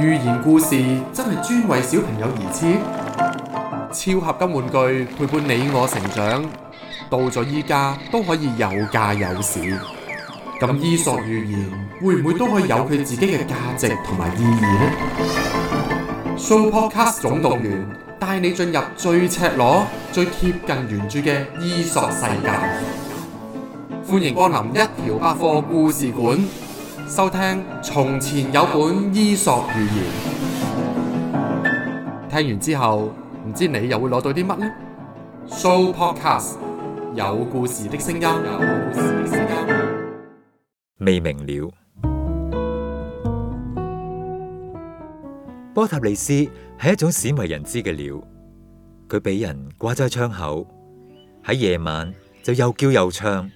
寓言故事真係專為小朋友而設，超合金玩具陪伴你我成長，到咗依家都可以有價有市。咁伊索寓言會唔會都可以有佢自己嘅價值同埋意義呢？Sooopodstars 總動員帶你進入最赤裸、最貼近原著嘅伊索世界，歡迎光臨一條百貨故事館。收聽從前有本伊索寓言，聽完之後唔知你又會攞到啲乜呢？《Sooo Podcast》有故事的聲音，未名鳥。波塔利斯係一種鮮為人知嘅鳥，佢俾人掛在窗口，喺夜晚就又叫又唱。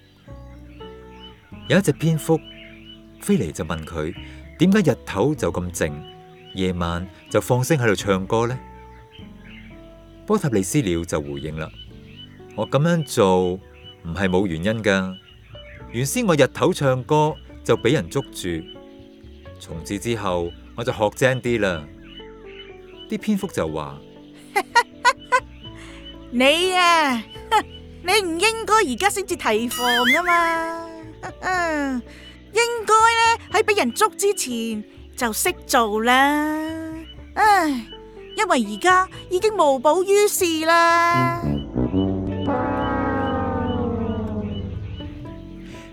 有一隻蝙蝠。飛嚟就問佢點解日頭就咁靜，夜晚就放聲喺度唱歌呢？波塔利斯鳥就回應啦：我咁樣做唔係冇原因噶。原先我日頭唱歌就俾人捉住，從此之後我就學精啲啦。啲蝙蝠就話：你啊，你唔應該而家先至提防噶嘛。應該咧喺俾人捉之前就識做啦，唉，因為而家已經無補於事啦。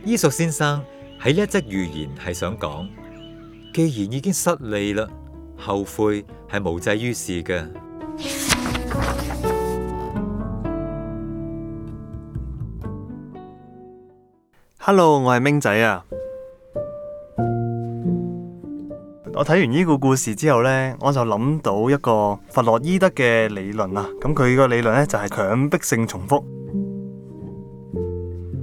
伊索先生喺呢一則寓言係想講，既然已經失利啦，後悔係無濟於事嘅。Hello，我係明仔啊。我睇完呢個故事之後呢，我就諗到一個弗洛伊德嘅理論啦。咁佢個理論呢，就係強迫性重複。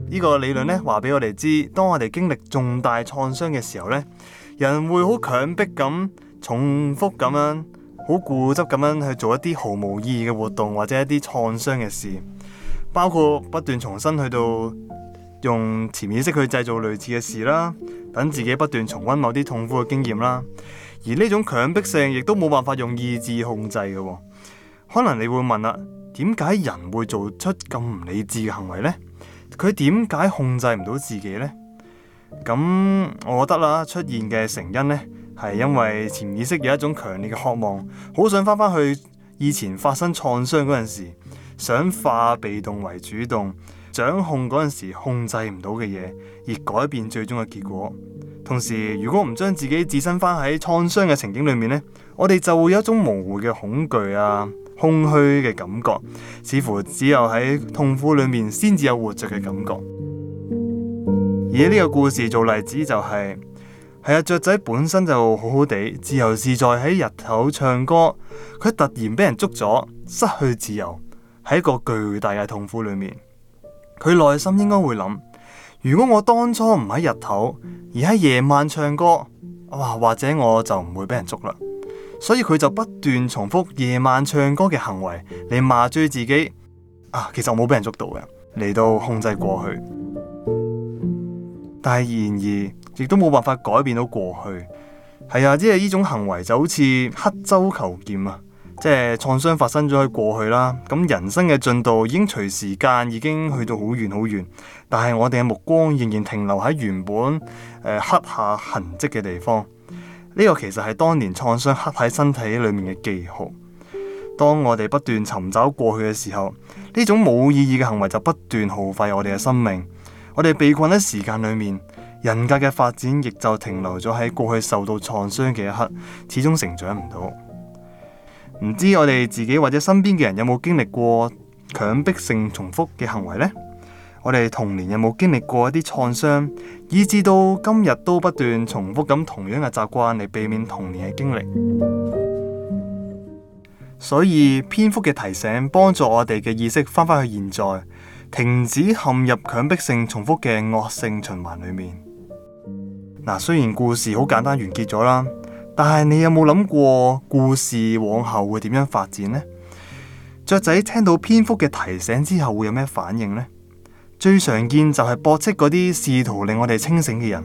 呢個理論呢，話俾我哋知，當我哋經歷重大創傷嘅時候呢，人會好強迫咁重複咁樣，好固執咁樣去做一啲毫無意義嘅活動，或者一啲創傷嘅事，包括不斷重新去到。用潛意識去製造類似嘅事啦，等自己不斷重温某啲痛苦嘅經驗啦。而呢種強迫性亦都冇辦法用意志控制嘅。可能你會問啦，「點解人會做出咁唔理智嘅行為呢？佢點解控制唔到自己呢？」咁我覺得啦，出現嘅成因呢係因為潛意識有一種強烈嘅渴望，好想翻返去以前發生創傷嗰陣時，想化被動為主動。掌控嗰陣時控制唔到嘅嘢，而改變最終嘅結果。同時，如果唔將自己置身返喺創傷嘅情景裏面呢，我哋就會有一種模糊嘅恐懼啊，空虛嘅感覺，似乎只有喺痛苦裏面先至有活着嘅感覺。而呢個故事做例子，就是，就係，係啊，雀仔本身就好好地自由自在喺日頭唱歌，佢突然俾人捉咗，失去自由，喺一個巨大嘅痛苦裏面。佢內心應該會諗：如果我當初唔喺日頭，而喺夜晚唱歌，哇，或者我就唔會俾人捉啦。所以佢就不斷重複夜晚唱歌嘅行為嚟麻醉自己。啊，其實我冇俾人捉到嘅，嚟到控制過去。但係然而，亦都冇辦法改變到過去。係啊，即係呢種行為就好似刻舟求劍啊！即係創傷發生咗喺過去啦，咁人生嘅進度已經隨時間已經去到好遠好遠，但係我哋嘅目光仍然停留喺原本誒、呃、刻下痕跡嘅地方。呢個其實係當年創傷刻喺身體裏面嘅記號。當我哋不斷尋找過去嘅時候，呢種冇意義嘅行為就不斷耗費我哋嘅生命。我哋被困喺時間裏面，人格嘅發展亦就停留咗喺過去受到創傷嘅一刻，始終成長唔到。唔知我哋自己或者身邊嘅人有冇經歷過強迫性重複嘅行為呢？我哋童年有冇經歷過一啲創傷，以至到今日都不斷重複咁同樣嘅習慣嚟，避免童年嘅經歷？所以篇幅嘅提醒，幫助我哋嘅意識翻返去現在，停止陷入強迫性重複嘅惡性循環裡面嗱。雖然故事好簡單完結咗啦。但係你有冇諗過故事往後會點樣發展呢？雀仔聽到蝙蝠嘅提醒之後會有咩反應呢？最常見就係駁斥嗰啲試圖令我哋清醒嘅人。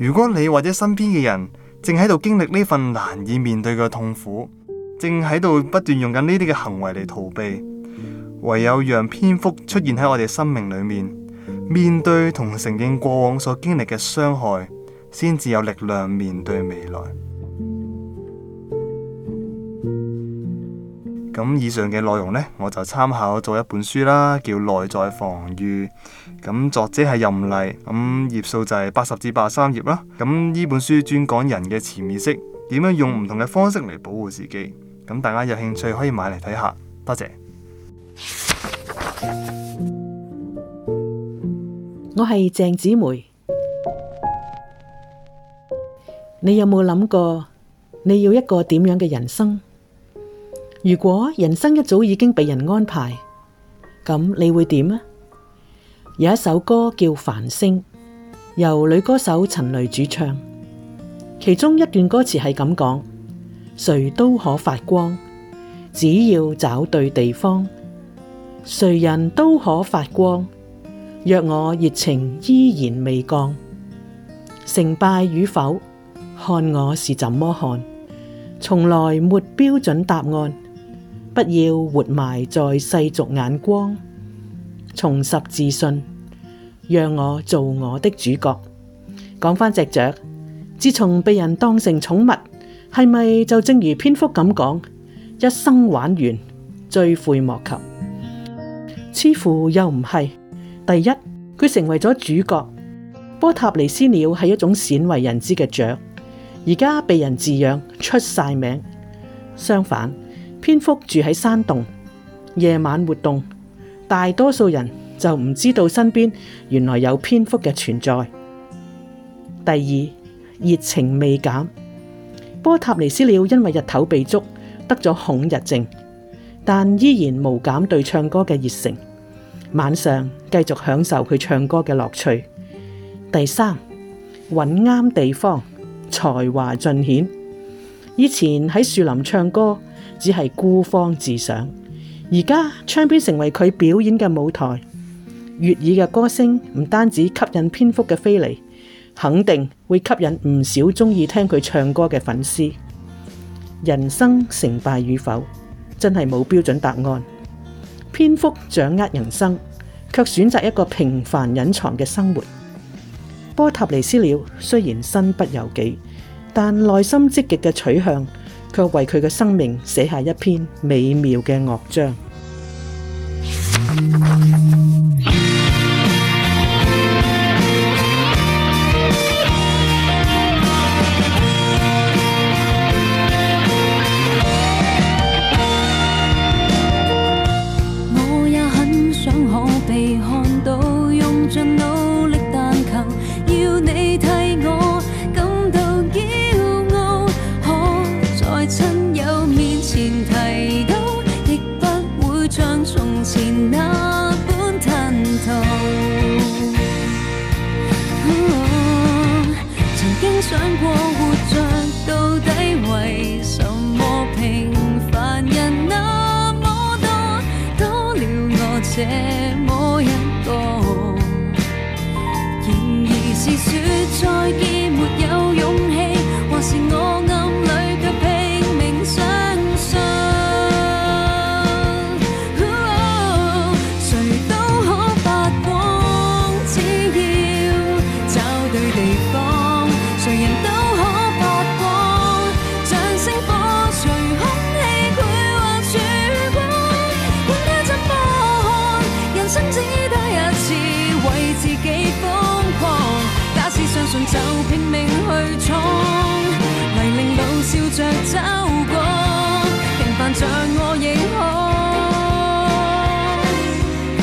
如果你或者身邊嘅人正喺度經歷呢份難以面對嘅痛苦，正喺度不斷用緊呢啲嘅行為嚟逃避，唯有讓蝙蝠出現喺我哋生命裏面，面對同承認過往所經歷嘅傷害，先至有力量面對未來。咁以上嘅內容呢，我就參考咗一本書啦，叫《內在防禦》。咁作者係任麗，咁頁數就係八十至八十三頁啦。咁呢本書專講人嘅潛意識，點樣用唔同嘅方式嚟保護自己。咁大家有興趣可以買嚟睇下。多謝。我係鄭子梅。你有冇諗過你要一個點樣嘅人生？如果人生一早已經被人安排，咁你會點啊？有一首歌叫《繁星》，由女歌手陳蕾主唱，其中一段歌詞係咁講：誰都可發光，只要找對地方；誰人都可發光，若我熱情依然未降。成敗與否，看我是怎麼看，從來沒標準答案。不要活埋在世俗眼光，重拾自信，讓我做我的主角。講翻隻雀，自從被人當成寵物，係咪就正如蝙蝠咁講？一生玩完，追悔莫及。似乎又唔係，第一，佢成為咗主角。波塔尼斯鳥係一種鮮為人知嘅雀，而家被人飼養，出晒名。相反。蝙蝠住喺山洞，夜晚活動，大多數人就唔知道身邊原來有蝙蝠嘅存在。第二，熱情未減，波塔尼斯鳥因為日頭被捉，得咗恐日症，但依然無減對唱歌嘅熱誠，晚上繼續享受佢唱歌嘅樂趣。第三，揾啱地方，才華盡顯，以前喺樹林唱歌，只係孤芳自賞，而家窗邊成為佢表演嘅舞台。悅耳嘅歌聲唔單止吸引蝙蝠嘅飛嚟，肯定會吸引唔少中意聽佢唱歌嘅粉絲。人生成敗與否，真係冇標準答案。蝙蝠掌握人生，卻選擇一個平凡隱藏嘅生活。波塔尼斯鳥雖然身不由己，但內心積極嘅取向。卻為佢嘅生命寫下一篇美妙嘅樂章。人生只得一次，為自己瘋狂，假使相信就拼命去闖，泥濘路笑著走過，平凡像我亦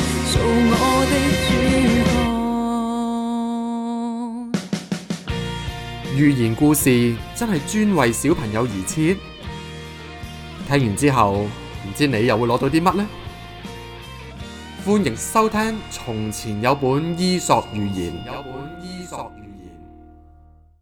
可做我的主角。寓言故事真係專為小朋友而設，聽完之後，唔知你又會攞到啲乜呢？歡迎收聽從，從前有本伊索寓言。